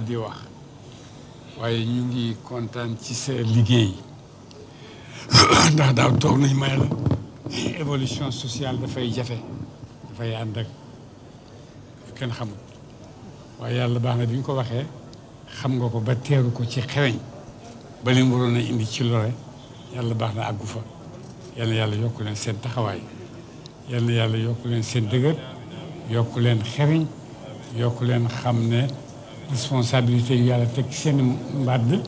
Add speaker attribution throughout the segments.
Speaker 1: di wax waaye ñu ngi kontaan ci sa liggéey ndax daaw toog nañ may la évolution sociale dafay jafe dafay ànd ak kenn xamul waaye yàlla baax na bi ñu ko waxee xam nga ko ba teeru ko ci xeweñ ba leen waroon a indi ci lore yàlla baax na àggu fa yal yàlla yokk leen seen taxawaay yal yàlla yokk leen seen dëgër yokk leen xeweñ yokk leen xam ne responsabilité yi yàlla teg seen mbàdd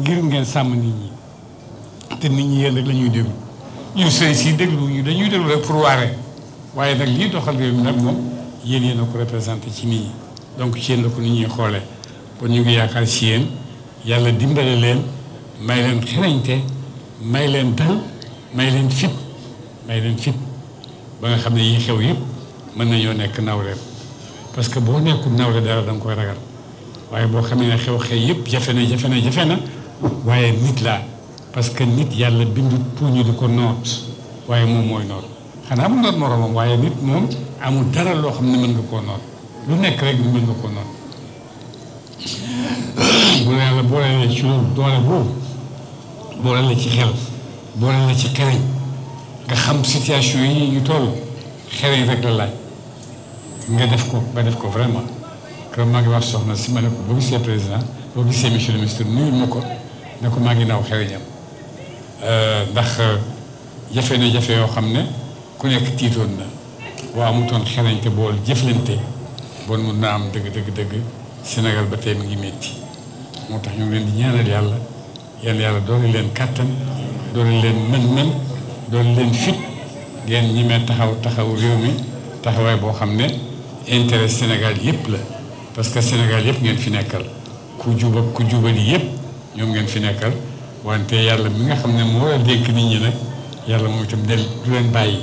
Speaker 1: ngir ngeen sàmm nit ñi te nit ñi yéen rek la ñuy déglu ñu si déglu yi dañuy déglu rek pour waaye nag lii doxal réew mi nag moom yéen yéen a ko représenté ci nit ñi donc ci yéen la ko nit ñuy xoolee kon ñu ngi yaakaar si yéen yàlla dimbale leen may leen xerañte may leen dal may leen fit may leen fit ba nga xam ne yi xew yëpp mën nañoo nekk nawleem parce que boo nekkul nawle dara da nga koy ragal waaye boo xamee ne xew-xew yëpp jafe na jafe na jafe na waaye nit la parce que nit yàlla bindu puñu di ko noot waaye moom mooy noot xanaa mu noot moroomam waaye nit moom amul dara loo xam ne mën nga koo noot lu nekk rek mën nga koo noot bu la yàlla boole la ci loolu doole boobu boole la ci xel boole la ci xereñ nga xam situation yi ñu toll xereñ rek la laaj nga def ko nga def ko vraiment que maa ngi wax soxna si ma ne ko boo gisee président boo gisee monsieur le ministre nuyul ma ko ne ko maa ngi naaw xeweñam ndax jafe na jafe yoo xam ne ku nekk tiitoon na waa amutoon xerañte bool jëflante bon mun naa am dëgg dëgg dëgg Sénégal ba tey mu ngi métti moo tax ñu ngi leen di ñaanal yàlla yéen yàlla doole leen kàttan doole leen mën-mën doole leen fit ngeen ñemee taxaw taxaw réew mi taxawaay boo xam ne intérêt Sénégal yépp la parce que Sénégal yëpp ngeen fi nekkal ku juba ku jubali yëpp ñoom ngeen fi nekkal wante yàlla mi nga xam ne moo la dénk nit ñi nag yàlla moo itam del du leen bàyyi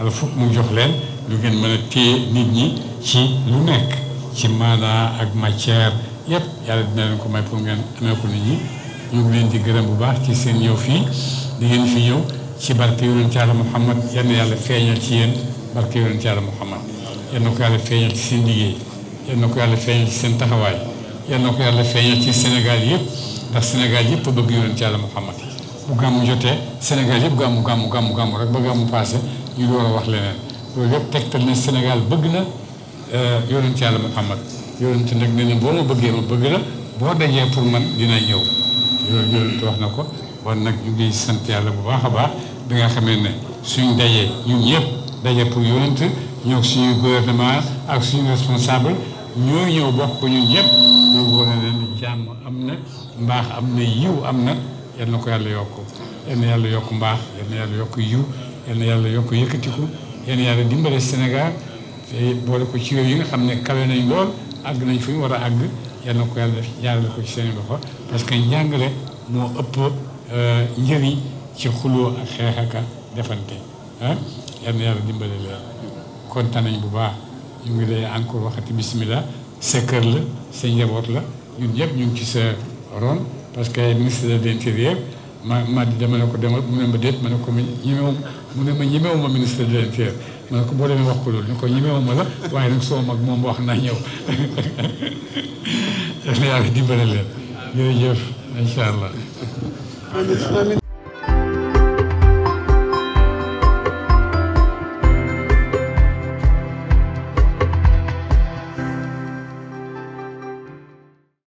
Speaker 1: al fukk mu jox leen lu ngeen mën a téye nit ñi ci lu nekk ci maanaa ak matière yëpp yàlla dina leen ko ngeen amee ko ñi ñu ngi leen di gërëm bu baax ci seen ñëw fii di ngeen fi ñëw ci barke yonent yàlla Muhammad yenn yàlla feeñal ci yéen barke yonent yàlla Muhammad yenn ko yàlla feeñal ci seen liggéey yal na ko yàlla feeñal ci seen taxawaay yal na ko yàlla feeñal ci Sénégal yëpp ndax Sénégal yëpp bëgg yonent yàlla Muhammad bu gàmmu jotee Sénégal yëpp gàmmu gàmmu gàmmu gàmmu rek ba gàmmu passé ñu door a wax leneen loolu yëpp tegtal na Sénégal bëgg na euh, yonent yàlla Muhammad yonent nag nee na boo ma bëggee ma bëgg la boo dajee pour man dina ñëw loolu yonent wax na ko wan nag ñu ngi sant yàlla bu baax a baax bi nga xamee ne ñoo suñu gouvernement ak suñu responsable ñoo ñëw bokk ñun ñëpp ñoo ko ne leen jàmm am na mbaax am na yiw am na yal na ko yàlla yokk yal na yàlla yokk mbaax yal yokk yiw yal yokk yëkkatiku yal na dimbale Sénégal te boole ko ci réew yi nga xam ne kawe nañ lool àgg nañ fu ñu war a àgg yal na ko yàlla def ko ci seen loxo parce que njàngale moo ëpp euh, njëriñ ci xuloo ak xeex ak defante ah yal na yàlla dimbale leen kontaan nañ bu baax ñu ngi lay encore waxati bismillah sa kër la sa njaboot la ñun ñëpp ñu ngi ci sa ron parce que ministre de l'intérieur ma ma di dama ne ko demal mu ne ma déet ma ne ko mu ne ma ñemewu ma ministre de l'intérieur ma ne ko boo demee wax ko loolu ne ko ñemewu ma la waaye nag soo mag moom wax naa ñëw def na yàlla dimbale leen jërëjëf incha allah